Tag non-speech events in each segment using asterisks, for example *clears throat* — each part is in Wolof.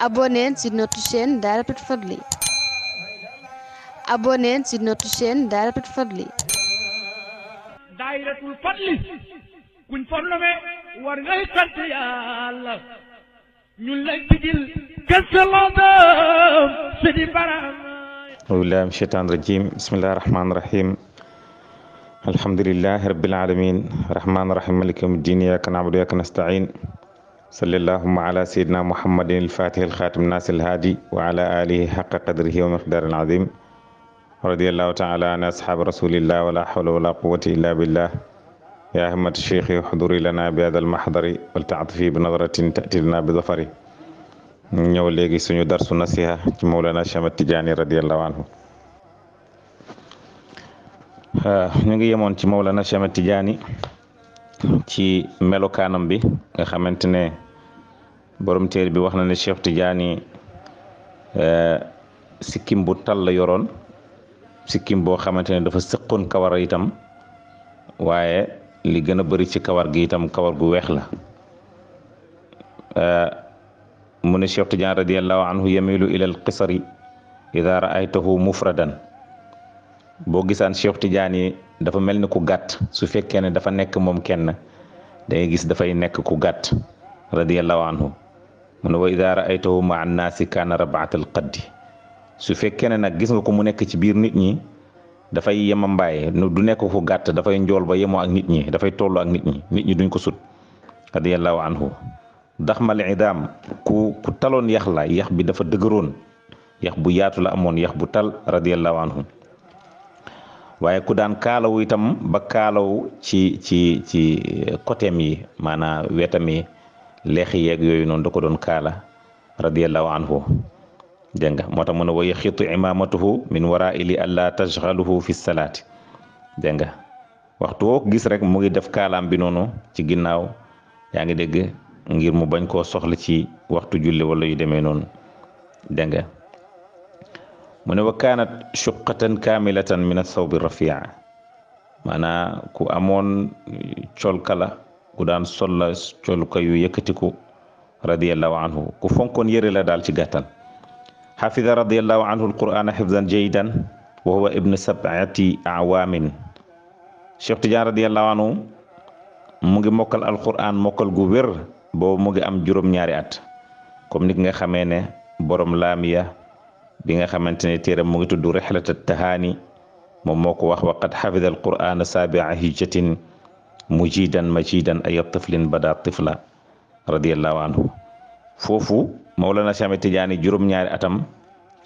abonnez sur notre chaîne Dahiratoul Fadly abonnez sur notre chaîne Dahiratoul Fadly Dahiratoul Fadly kuñ fornome war ngay sant Yàlla ñun lay tijil kasalada sidi baram aoubillahi min cheytan rajim bismillahi rahmani rahim alhamdulillahi rabbil alamin rahmani rahim maliki yawmi ddin iyyaka na'budu wa iyyaka nasta'in salli allahuma ala sayidina muhammadin alfatih alxaatim naasir alhaadi wa ala alihi xaqa qadrihi wa miqdaar alazim radiallahu taala an asxaab rasulillah wala xawla wala quwata illa billah ya himmat cheikhi xuduri lana bi hada almaxdari waltaatufi bi nadratin taati lana bi zafari ñëw léegi suñu darsu nasiha ci mawlana Cheikh Tijaani radiallahu anhu ñu ngi yemoon ci mawlana Cheikh Tijaani ci melokaanam bi nga xamante ne borom téere bi wax na ne Cheikh Tidiane eh, sikim bu tal la yoroon sikim boo xamante ne dafa sëqoon kawar itam waaye li gën a bari ci kawar gi itam kawar gu weex la eh, mu ne Cheikh Tidiane radiallahu anhu yamilu ilal qisari ida raaytahu mufradan boo gisaan Cheikh Tidiane dafa mel ni ku gàtt su fekkee ne dafa nekk moom kenn da gis dafay nekk ku gàtt radiallahu anhu mu ne wa ida raaytahu maa annaasi kaana rabaatal qaddi su fekkee ne nag gis nga ko mu nekk ci biir nit ñi dafay yemambaay du nekk ku gàtt dafay njool ba yemoo ak nit ñi dafay tolloo ak nit ñi nit ñi duñ ko sut radiallahu anhu mali idaam ku taloon yax la yax bi dafa dëgëroon yax bu yaatu la amoon yax bu tal radiallahu anhu waaye ku daan kaalawu itam ba kaalaw ci ci ci côtéem yi maanaam wetam yi leex yeeg yooyu noonu da ko doon kaala radiallahu anhu dégg nga moo tax mu ne wa yaxitu imamatuhu min warai li alla tashxaluhu fi salaat dégg nga waxtu gis rek mu ngi def kaalaam bi noonu ci ginnaaw yaa ngi dégg ngir mu bañ koo soxla ci waxtu julli wala yu demee noonu dégg nga mu ne wa kaanat chuqatan kaamilatan min athawbi rafia maanaa ku amoon colkala ku daan sol la colka yu yëkkatiku radiallahu anhu ku fonkoon yëre la daal ci gàttal xafida radiallahu anhu alqur'ana xifdan jaydan wa huwa ibnu sabati awaamin cheikh tidiane radiallahu anhu mu ngi mokkal alqur'an mokkal gu wér boobu mu ngi am juróom-ñaari at comme nit nga xamee ne borom laamiya bi nga xamante ne téeram mu ngi tudd rixlat tahaani moom moo ko wax waqad xafida alqur'ana saabia hijjatin mujidan majidan ay tiflin bada tifla radiallahu anhu foofu Mawlana Cheikh Ahmed Tidiane juróom-ñaari atam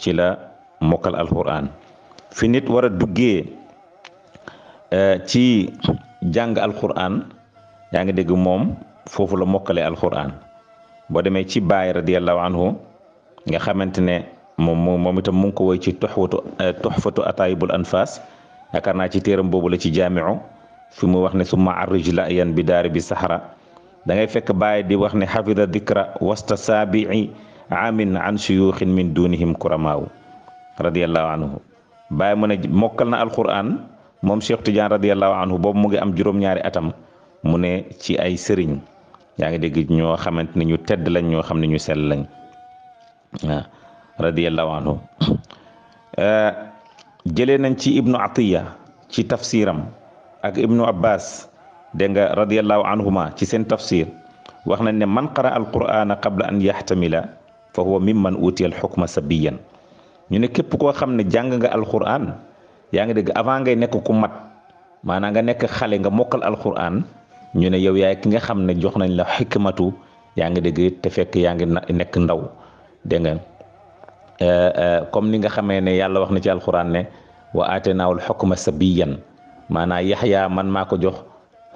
ci la mokkal alquran fi nit war a duggee eh, ci jàng alquran yaa ngi dégg moom foofu la mokkalee alquran boo demee ci baay radiallahu anhu nga xamante moom moom itam mu ngi ko woy ci toxwatu eh, toxfatu ataayibul anfaas yaakaar naa ci téeram boobu la ci jaamiu fi mu wax ne summa arrijla yan bi daari bi sahara da ngay fekk bàyyi di wax ne xafida dikra wasta saabii amin an suyuuxin min dunihim kuramaaw radiallahu anhu bàyyi mu ne mokkal na alquran moom Cheikh Tidiane radiallahu anhu boobu mu ngi am juróom-ñaari atam mu ne ci ay sëriñ yaa ngi dégg ñoo xamante ni ñu tedd lañ ñoo xam ne ñu sell lañ radiyallahu anhu eh, jëlee nañ ci ibnu atiya ci tafsiram ak ibnu abbas dégg nga radiyallahu anhuma ci seen tafsir wax nañ ne man qara alqur'ana qabla an yaxtamila fa huwa mimman utiya alxukma sabiyan ñu ne képp koo xam ne jàng nga alqur'an yaa ngi dégg avant ngay nekk ku mat maanaam nga nekk xale nga mokkal alqur'an ñu ne yow yaay ki nga xam ne jox nañ la xikmatu yaa ngi dégg te fekk yaa ngi nekk ndaw dégg Eh, eh, comme ni nga xamee ne yàlla wax na ci alxuraan ne wa aateenaawul xukma sabiyan maanaam yaxyaa man maa ko jox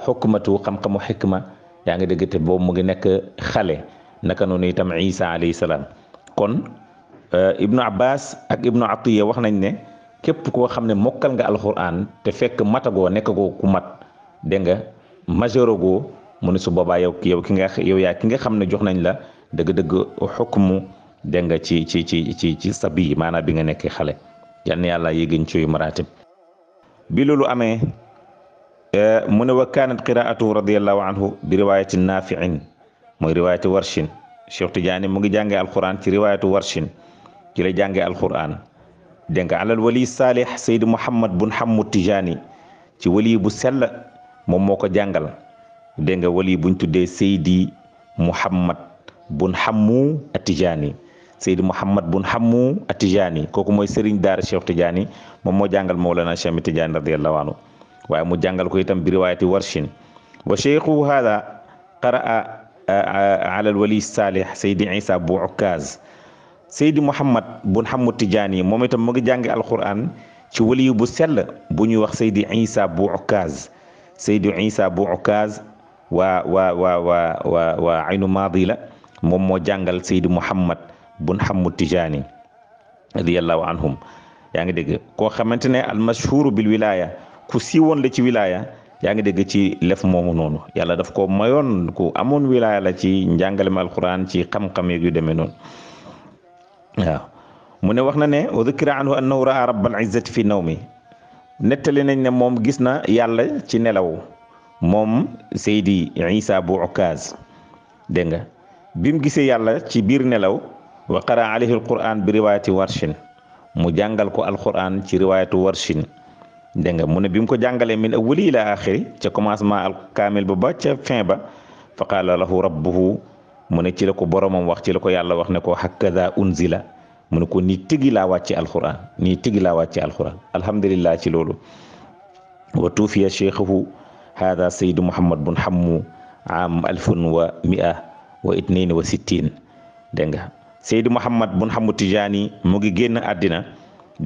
xukmatu xam-xamu xikma yaa ngi dégg te boobu mu ngi nekk xale naka noonu itam isa alayhi salaam kon eh, ibnu abbas ak ibnu atiya wax nañ ne képp koo xam ne mokkal nga alxuraan te fekk matagoo nekkagoo ku mat dégg nga majeuragoo mu ne su boobaa yow yow ki nga yow yaa ki nga xam ne jox nañ la dëgg-dëgg xukmu dégg nga ci ci ci ci ci sa bii maanaam bi nga nekk xale yan yàlla yéegin ciy maratib bi loolu amee eh, mu ne wa kaanat qiraatuhu radiallahu anhu bi riwayati nafiin mooy riwayati warshin mu ngi jàngee alquran ci riwayatu warshin ci la jàngee alquran dégg nga alal wali saalih sayd muhammad bun hammu Tijaani ci wali bu sell moom moo ko jàngal dégg nga wali buñ tuddee saydi muhammad bun hammu Tijaani Seydi Mouhamad bun Hammu Atijaani kooku mooy Serigne Daara Cheikh Tidiane moom moo jàngal Mawlana Cheikh Tidiane radiyallahu anhu waaye mu jàngal ko itam bi riwaayati warshin wa cheikhu hada qaraa ala alwali salih Seydi Isa bu Ukaz Seydi Mouhamad bun Hammu Tijaani moom itam mu ngi jàngi alquran ci waliyu bu sell bu ñuy wax Seydi Isa bu Ukaz Seydi Isa bu Ukaz waa waa waa waa waa aynu maadi la moom moo jàngal Seydi Mouhamad bun xamu tijaani radiallahu anhum yaa ngi dégg koo xamante ne almashhuru bil wilaya ku siiwoon la ci wilaya yaa ngi dégg ci lef moomu noonu yàlla daf ko mayoon ku amoon wilaya la ci njàngalem alquran ci xam-xam yeeg yu demee noonu mu ne wax na ne wa dhukira anhu annahu raa rabbal izzati fi nawmi nettali nañ ne moom gis na yàlla ci nelaw moom Seydi Isa bu Okaz dégg nga bi gisee yàlla ci biir nelaw wa qara alayhi alquran bi riwaayati warshin mu jàngal ko alquran ci riwaayatu warshin dégg nga mu ne bi mu ko jàngalee min awwali ila axiri ca commencement al kaamil ba ba ca ba fa qaala lahu rabbuhu mu ne ci la ko boromam wax ci la ko yàlla wax ne ko hakada unzila mu ne ko nii tigi laa wàcce alquran nii tigi laa wàcce alquran alhamdulillah ci loolu wa tuufiya cheikhuhu hada saydu muhammad bun hammu am alfun Seydi Mouhamad bun Hamu Tijaani mu ngi génn àddina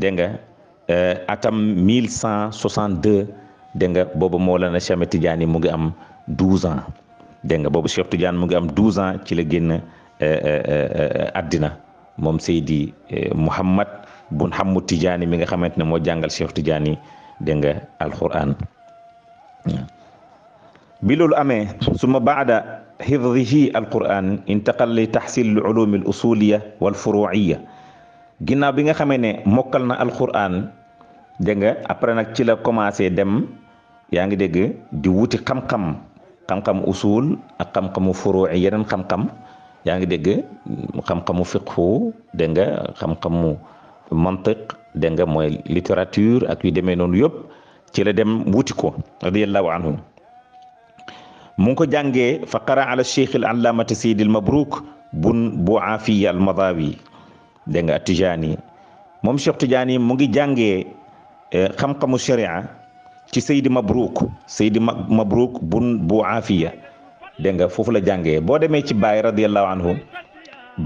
dégg nga euh, atam 1162 dégg nga boobu Mawlana Cheikh Tijaani mu ngi am 12 ans dégg nga boobu Cheikh Tidiane mu ngi am 12 ans ci la génn addina euh, euh, moom Seydi Mouhamad bun Hamu Tijaani mi nga xamante ne moo jàngal Cheikh Tidiane dégg nga alquran. bi loolu amee suma baada xifdihi alquran intaqal li taxsil al ulum al usuliya wal furuiya ginnaaw bi nga xamee ne mokkal na alquran dégg nga après nag ci la commencé dem yaa ngi dégg di wuti xam-xam xam-xam usul ak xam-xamu furuuy yeneen xam-xam yaa ngi dégg xam-xamu fiqhu dégg nga xam-xamu mantiq dégg nga mooy littérature ak yu demee noonu yëpp ci la dem wuti ko radiallahu anhu mu ngi ko jàngee fa qara ala cheikh al allamata seydil mabrouk bun bu afiya al madawi dégg nga tijaani moom cheikh tijaani mu ngi jàngee eh, xam-xamu sharia ci seydi mabrouk seydi mabrouk bun bu afiya dégg nga foofu la jàngee boo demee ci baay radiallahu anhu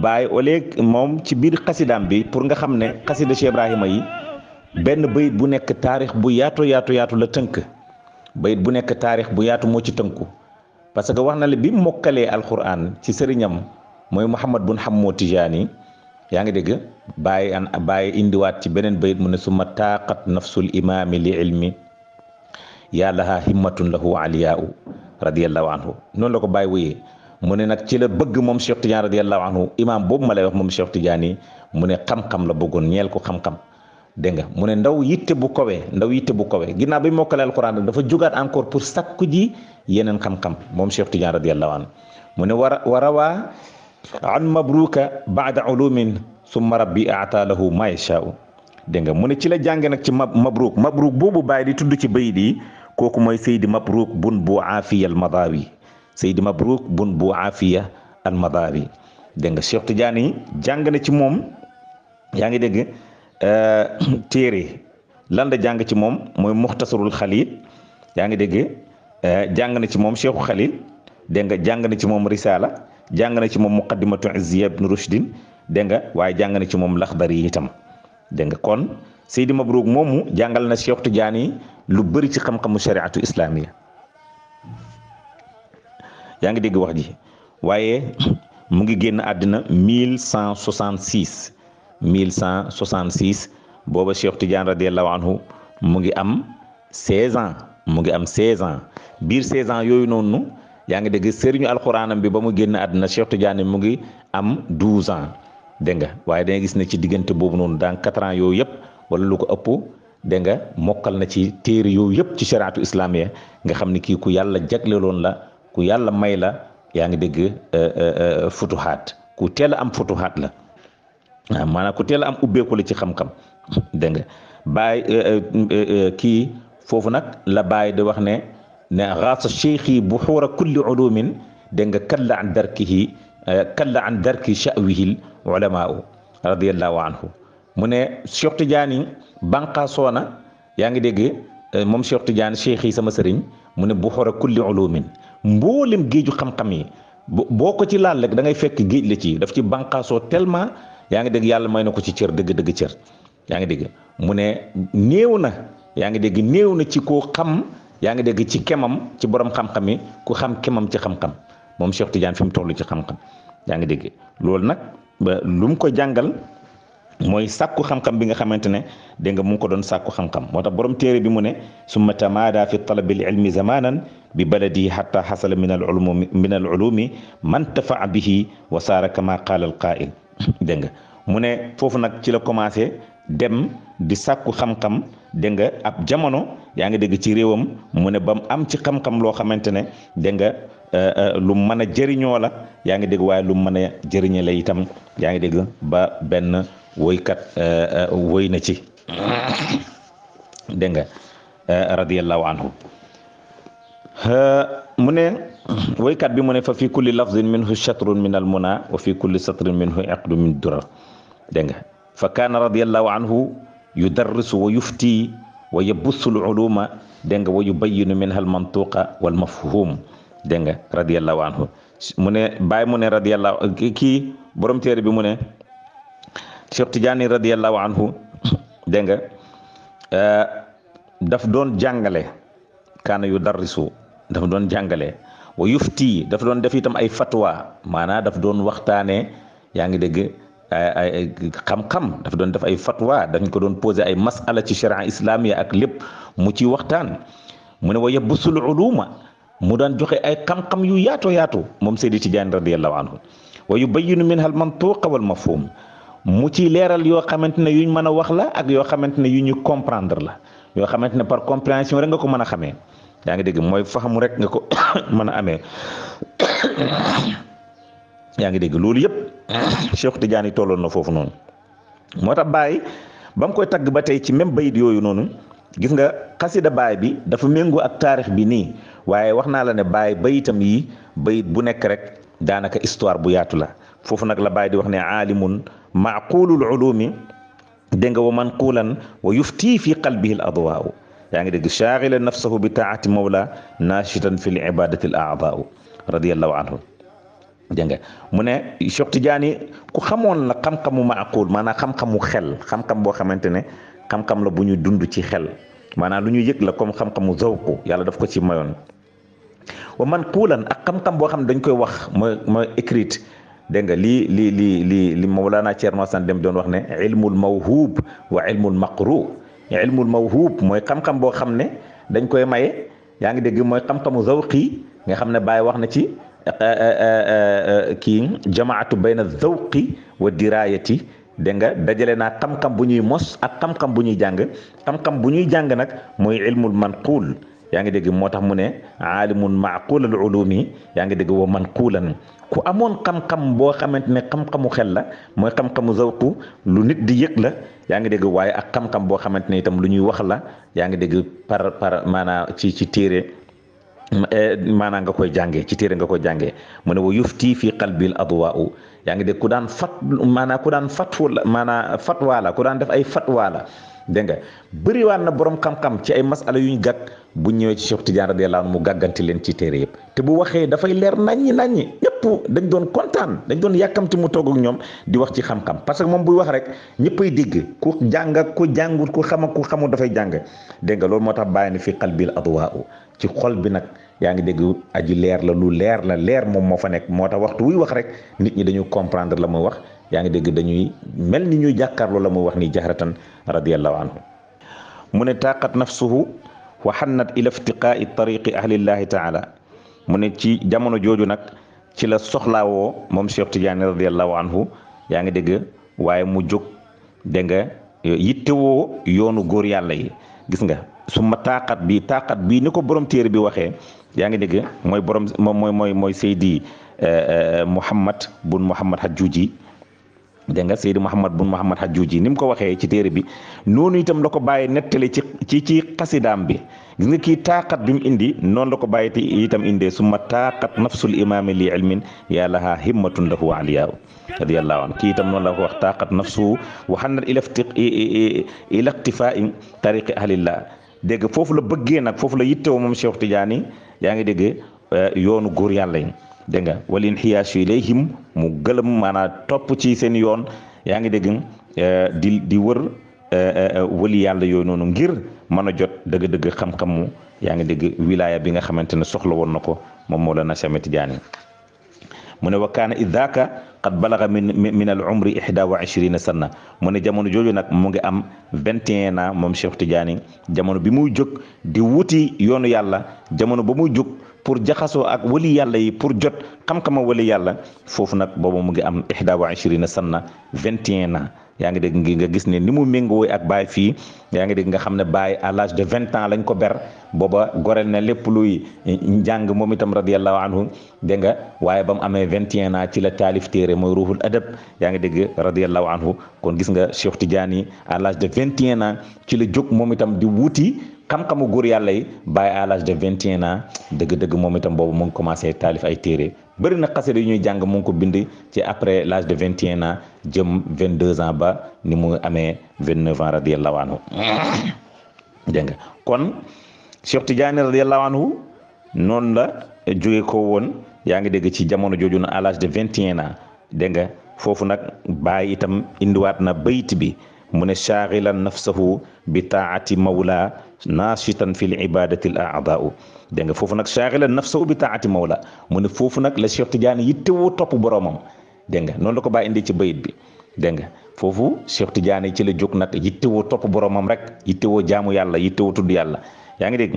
baay oleeg moom ci biir xasidaam bi pour nga xam ne xasida cheikh ibrahima yi benn bayit bu nekk taarix bu yaatu yaatu yaatu la tënk bayit bu nekk taarix bu yaatu moo ci tënku parce que wax na la bi mokkalee alquran ci sëriñam mooy Muhammad bun Hammo Tijaani yaa ngi dégg bàyyi an bàyyi indiwaat ci beneen bayit mu ne summa taaqat nafsul imaami li ilmi yaa lahaa himmatun lahu aliyaau radiallahu anhu noonu la ko bàyyi wuyee mu ne nag ci la bëgg moom Cheikh Tidiane radiallahu anhu imaam boobu ma lay wax moom Cheikh Tidiane yi mu ne xam-xam la bëggoon ñeel ko xam-xam dégg nga mu ne ndaw yitte bu kowee ndaw yitte bu kowee ginnaaw bi mokkale alquran dafa jógaat encore pour sakku ji yeneen xam-xam moom Cheikh Tidiane radiyallahu anhu mu ne war wa rawaa an mabruka baada ulumin summa rabbi aata lahu ma yashaau dégg nga mu ne ci la jànge nag ci mabruk mabruk boobu bàyyi di tudd ci bayit yi kooku mooy saydi mabruk bun bu aafiya al madawi saydi mabruk bun bu aafiya al madawi dégg nga Cheikh Tidiane jàng na ci moom yaa ngi dégg Euh, *clears throat* téere lan la jàng ci moom mooy muxtasarul xalil yaa ngi dégg euh, jàng na ci moom cheikhu xalil dégg nga jàng na ci moom risala jàng na ci moom muqaddimatu izziya ibn rushdin dégg nga waaye jàng na ci moom laxdari yi itam dégg nga kon Seydi Mabrouk moomu jàngal na Cheikh Tidiane lu bëri ci xam-xamu shariatu islamiya yaa ngi dégg wax ji waaye *clears throat* mu ngi génn àddina 1166 1166 booba Cheikh Tidiane radiallahu anhu mu ngi am 16 ans mu ngi am 16 ans biir 16 ans yooyu noonu yaa ngi dégg sëriñu alxuraanam bi ba mu génn àdduna Cheikh Tidiane mu ngi am 12 ans dégg nga waaye da nga gis ne ci diggante boobu noonu dans 4 ans yooyu yëpp wala lu ko ëpp dégg nga mokkal na ci téere yooyu yëpp ci shariatu islamiya nga xam ne kii ku yàlla loon la ku yàlla may la yaa ngi dégg euh, euh, euh, futuhaat ku teel a am futuhaat la. waaw ah, maanaam ku teel am ubbeeku la ci xam-xam dégg nga baay eh, eh, mm, eh, kii foofu nag la baay de wax ne ne raasa cheikh yi bu xuura kulli ulumin dégg nga kalla an darkihi kalla an darki sha'wihil ulamaau radiallahu anhu mu ne Cheikh Tidiane banqaasoo na yaa ngi dégg moom Cheikh Tidiane cheikh yi sama sëriñ mu ne bu xora kulli ulumin mboolem géeju xam-xam yi boo ko ci laal rek da ngay fekk géej la ci ci banqaasoo tellement yaa ngi dégg yàlla may na ko ci cër dëgg-dëgg cër yaa ngi dégg mu ne néew na yaa ngi dégg néew na ci koo xam yaa ngi dégg ci kemam ci borom xam-xam yi ku xam kemam ci xam-xam moom Cheikh Tidiane fi mu toll ci xam yaa ngi dégg loolu nag lu mu ko jàngal mooy sàkku xam-xam bi nga xamante ne dégg nga mu ko doon sàkku xam-xam moo tax borom téere bi mu ne summa tamaada fi talabil ilmi zamanan bi baladi hatta hasala min al ulumi min al ulumi man tafa bihi wa saara kama qaala al qaa'il *laughs* dégg nga mu ne foofu nag ci la commencé dem di sàkku xam-xam dégg nga ab jamono yaa ngi dégg ci réewam mu ne ba mu am ci xam-xam loo xamante ne dégg nga euh, euh, lu mën a jëriñoo la yaa ngi dégg waaye lu mën a jëriñe la itam yaa ngi dégg ba benn woykat euh, woy na ci *coughs* dégg nga anhu mu ne woykat bi mu ne fa fi kulli lafzin minhu chatrun min al muna wa fi kulli satrin minhu iqdu min durar dégg nga fa kaana radiallahu anhu yudarrisu wa yufti wa yabussu al uluma dégg nga wa yubayinu minha al mantuqa wal mafhum dégg nga radiallahu anhu mu ne bàyyi mu ne radiallahu kii borom téere bi mu ne Cheikh Tidiane radiallahu anhu dégg nga eh, daf doon jàngale kaana yudarrisu daf doon jàngale wa yufti dafa doon def itam ay fatwa maanaam daf doon waxtaanee yaa ngi dégg ay xam-xam dafa doon def ay fatwa dañ ko doon posé ay masala ci sharia islamiya ak lépp mu ci waxtaan mu ne wa yabsul uluma mu daan joxe ay xam-xam yu yaato yaatu moom Seydi Tidiane radiyallahu anhu wa yubayinu minha al mantuqa wal mafhum mu ci leeral yoo xamante ne yuñ mën a wax la ak yoo xamante ne yu ñu comprendre la yoo xamante ne par compréhension rek nga ko mën a xamee yaa ngi dégg mooy faxamu rek nga ko *coughs* mën a amee *coughs* yaa ngi dégg loolu yëpp *coughs* Cheikh Tidiane tolloon na foofu noonu moo tax baay bam koy tagg ba tey ci même bayit yooyu noonu gis nga xasida Baye bi dafa méngoo ak taarix bi nii waaye wax naa la ne baay bayitam yi bayit bu nekk rek daanaka histoire bu yaatu la foofu nag la baay di wax ne aalimun maqulul ulumi dégg nga wa manqulan wa yufti fi qalbihi al yaa ngi dégg chaaxila nafsahu bi taati mawla nachitan fi l ibadati a aadaau radiallahu anhu dégg nga mu ne Cheikh Tidiane ku xamoon la xam-xamu maaqul maanaam xam-xamu xel xam-xam boo xamante ne xam-xam la bu ñu dund ci xel maanaam lu ñu yëg la comme xam-xamu zawku yàlla daf ko ci mayoon wa man kuulan ak xam-xam boo xam ne dañ koy wax mooy mooy écrite dégg nga lii lii lii lii li Mawlana Thierno Sane dem doon wax ne ilmul mawhub wa ilmul maqru ilmul mawhub mooy xam-xam boo xam ne dañ koy maye yaa ngi dégg mooy xam-xamu zawqi nga xam ne baay wax na ci eh, eh, eh, kii jamaatu bayna zawqi wa dirayati dégg nga dajale naa xam-xam bu ñuy mos ak xam-xam bu ñuy jàng xam bu ñuy jàng nag mooy ilmul manquul yaa ngi dégg moo tax mu ne aalimun maquulal ulumi yaa ngi dégg wa manquulan ku amoon xam-xam boo xamante ne xam-xamu xel la mooy xam-xamu lu nit di yëg la yaa ngi dégg waaye ak xam-xam boo xamante ne itam lu ñuy wax la yaa ngi dégg par par maanaam ci ci téere eh, maanaam nga koy jàngee ci téere nga koy jàngee mu ne wa yufti fi qalbil adwaau yaa ngi dégg ku daan fat maanaam ku daan fatwa la maanaam fatwa ku daan def ay fatwa la dégg nga bëriwaan na borom xam-xam ci ay masala yu ñu gàgg bu ñëwee ci Cheikh Tidiane radiyallahu anhu mu gàgganti leen ci téere yëpp te bu waxee dafay leer naññi naññi ñëpp dañ doon kontaan dañ doon yàkkamti mu togg ak ñoom di wax ci xam parce que moom buy wax rek ñëppay dégg ku jàng ak jàngut ku xam xamul dafay jàng dégg nga loolu moo tax bàyyi ni fi qalbil adwaa'u ci xol bi nag yaa ngi dégg aju leer la lu leer la leer moom moo fa nekk moo tax waxtu wuy wax rek nit ñi dañu comprendre la muy wax yaa ngi dégg dañuy mel ni ñuy jàkkaarloo la muy wax ni jahratan radiallahu anhu mu ne taqat nafsuhu wa xannat ila iftiqaai tariqi ahlillahi taala mu ne ci jamono jooju nag ci la soxlaawoo moom Cheikh Tidiane radiallahu anhu yaa ngi dégg waaye mu jóg dégg nga yittewoo yoonu góor yàlla gis nga su ma taqat bi taqat bii ni ko borom téere bi waxee yaa ngi dégg mooy borom moom mooy mooy mooy Seydi eh, eh, Mouhamad bun Mouhamad Hajjuji dégg nga Seydou Mouhamad bun Mouhamad Hajjuji ni mu ko waxee ci téere bi noonu itam la ko bàyyi nettali ci ci ci xasidaam bi gis nga kii taaxat bi mu indi noonu la ko bàyyi te itam indee summa taaxat nafsul imaami li ilmin yàlla ha himmatun lahu aliyaaw radiyallahu an kii itam noonu la ko wax taaxat nafsu waxannat ilafti ilaqtifaa in tariqi ahlillah dégg foofu la bëggee nag foofu la yittewoo moom Cheikh Tidiane yaa ngi dégg eh, yoonu góor yàlla dégg nga wala inxiyaasu ilayhim mu gëlëm maanaam topp ci seen yoon yaa ngi dégg euh, di di wër euh, euh, wëli yàlla yooyu noonu ngir mën a jot dëgg-dëgg xam-xamu yaa ngi dégg wilaya bi nga xamante ne soxla woon na ko moom Mawlana Cheikh Ahmed Tidiane mu ne wa kaana idaaka qad balaga min min al umri ihda wa ishrina sanna mu ne jamono jooju nag mu ngi am vingt et un ans moom Cheikh Tidiane jamono bi muy jog di wuti yoonu yàlla jamono ba muy jóg pour jaxasoo ak wali yàlla yi pour jot xam a wali yàlla foofu nag booba mu ngi am waa wa ishirina sanna vingt et un ans yaa ngi dégg ngi nga gis ne ni mu méngoo ak baay fii yaa ngi dégg nga xam ne baay à l'âge de vingt ans lañ ko ber booba goreel na lépp luy njàng moom itam radiallahu anhu dégg nga waaye ba mu amee vingt et un ans ci la taalif téere mooy ruuxul adab yaa ngi dégg radiallahu anhu kon gis nga Cheikh Tidiane à l'âge de vingt et un ans ci la jóg moom itam di wuti xam-xamu góor yàlla yi bàyyi à l'âge de 21 ans dëgg-dëgg moom itam boobu mu ngi commencé taalif ay téere bëri na yu ñuy jàng mu ngi ko bind ci après l'âge de 21 ans jëm 22 ans ba ni mu amee 29 ans radiyallahu anhu dégg nga kon Cheikh Tidiane radiyallahu anhu noonu la jóge ko woon yaa ngi dégg ci jamono jooju na à l'âge de 21 ans dégg foofu nag bàyyi itam indiwaat na bayt bi mu ne chaaxilan nafsahu bi taati mawla naa naashitan fil ibadati l aadaau dégg nga foofu nag shaaxilan nafsahu bi taati mawla mu ne foofu nag la Cheikh Tidiane yittewoo topp boromam dégg nga noonu la ko bàyyi indi ci bayit bi dégg nga foofu Cheikh Tidiane ci la jóg nag yittewoo topp boromam rek yittewoo jaamu yàlla yittewoo tudd yàlla yaa ngi dégg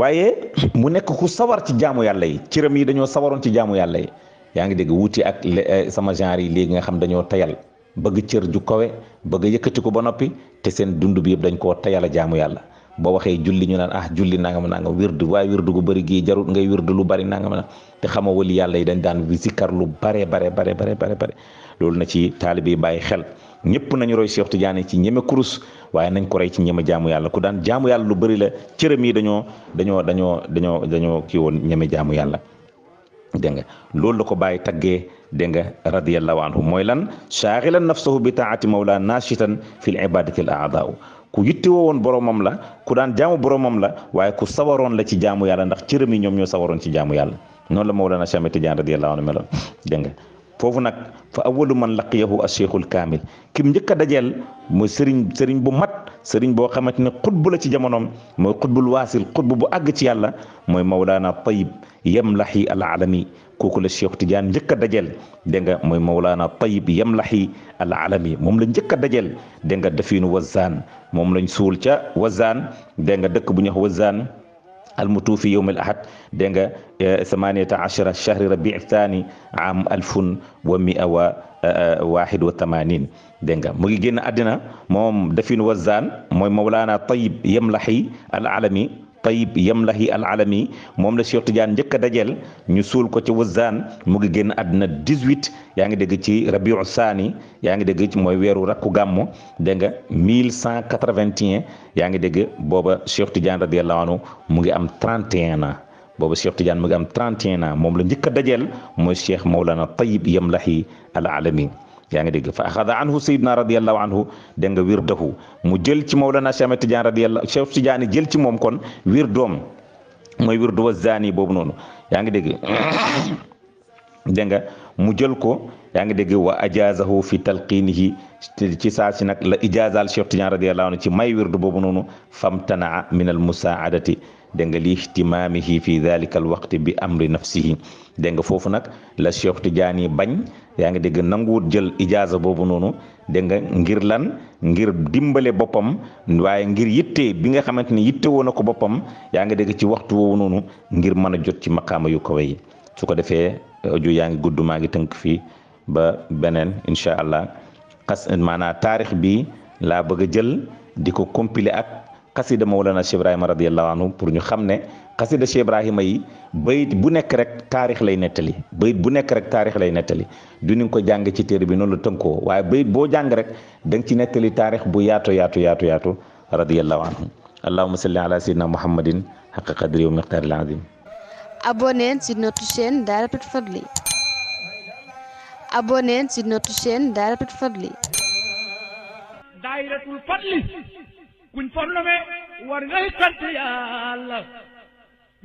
waaye mu nekk ku sawar ci jaamu yàlla yi cëram yi dañoo sawaroon ci jaamu yàlla yi yaa ngi dégg wuti ak eh, sama genre yi léegi nga xam dañoo tayal bëgg cër ju kawe bëgg yëkkati ko ba noppi te seen dund bi yëpp dañ koo tayal a jaamu yàlla boo waxee julli ñu naan ah julli nangam nangam wirdu waaye wirdu gu bëri gii jarut ngay wirdu lu bëri nangam na te xama wali yàlla yi dañ daan zikkar lu bare bare bare bare bare bare loolu na ci taalibe yi bàyyi xel ñëpp nañu roy Cheikh jaane ci ñeme kurus waaye nañ ko rey ci ñeme jaamu yàlla ku daan jaamu yàlla lu bari la cëram yi dañoo dañoo dañoo dañoo dañoo kii woon ñeme jaamu yàlla dégg dégg nga radiyallahu anhu mooy lan shaaxilan nafsahu bi taati mawla nachitan fil ibadati al a'daa ku yitte woon boromam la ku daan jaamu boromam la waaye ku sawaroon la ci jaamu yàlla ndax cërëm yi ñoom ñoo sawaroon ci jaamu yàlla noonu la Mawlana Cheikh Ahmed Tidiane radiyallahu anhu meloon dégg nga foofu nag fa awwalu man laqiyahu asheikhul kaamil kim njëkk a dajeel mooy sëriñ sëriñ bu mat sëriñ boo xamante ne xutbu la ci jamonoom mooy xutbul waasil xutbu bu àgg ci yàlla mooy mawlaana tayib yamlaxi al alami kooku la Cheikh Tidiane njëkk a dajeel dégg nga mooy mawlaana tayib yamlaxi al alami moom la njëkk a dajeel dégg nga dafiinu wazaan moom lañ suul ca wazaan dégg nga dëkk bu ñuy wax wazaan almutu fi yowm al ahad dégg nga samaniyata eh, achara chahri rabi thani am alfun wa mia wa eh, wahid wa tamanin dégg nga mu ngi génn àddina moom dafin wazaan mooy mawlaana tayib yamlahi al alami tayib yamlahi al alami moom la Cheikh Tidiane njëkk a dajeel ñu suul ko ci Wazaan mu ngi génn àdduna 18 yaa ngi dégg ci rabiu saani yaa ngi dégg ci mooy weeru rakku gàmmu dégg nga 1181 yaa ngi dégg booba Cheikh Tidiane radiyallahu anhu mu ngi am 31 ans booba Cheikh Tidiane mu ngi am 31 ans moom la njëkk dajeel mooy Cheikh Mawlana tayib yamlahi al alami yaa ngi dégg fa axada anhu sayidna radiallahu anhu dégg nga wirdahu mu jël ci mawlana Cheikh Ahmed Tidiane radiallahu jël ci moom kon wirdoom mooy wirdu wa boobu noonu yaa ngi dégg *coughs* dégg mu jël ko yaa ngi dégg wa ajazahu fi talqinihi ci saa si nag la ijazaal Cheikh Tidiane anhu ci may wirdu boobu noonu famtanaa min al dégg nga li ihtimaamihi fi dalika al waqti bi amri nafsihi dégg nga foofu nag la Cheikh Tidiane bañ yaa ngi dégg nanguwut jël ijaaza boobu noonu dégg nga ngir lan ngir dimbale boppam waaye ngir yitte bi nga xamante ni yitte woon na ko boppam yaa ngi dégg ci waxtu woowu noonu ngir mën a jot ci maqaama yu kawe yi su ko defee audio yaa ngi gudd maa ngi tënk fii ba beneen incha allah xas taarix bi laa bëgg a jël di ko compiler ak. xasida Mawlana Cheikh Ibrahima radiyallahu anhu pour ñu xam ne xasida Cheikh yi bayit bu nekk rek taarix lay nettali bayit bu nekk rek taarix lay nettali du ni nga ko jàng ci téere bi noonu la tënkoo waaye bayit boo jàng rek da nga ci nettali taarix bu yaatu yaatu yaatu yaatu radiyallahu anhu allahumma salli ala sayyidina muhammadin haqqa qadri wa miqdaril azim abonnez sur notre chaîne Dahiratoul Fadly abonnez sur notre chaîne kuñ fornome war ngay sant yàlla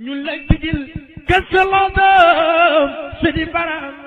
ñun lay tijil kese la doom si di baram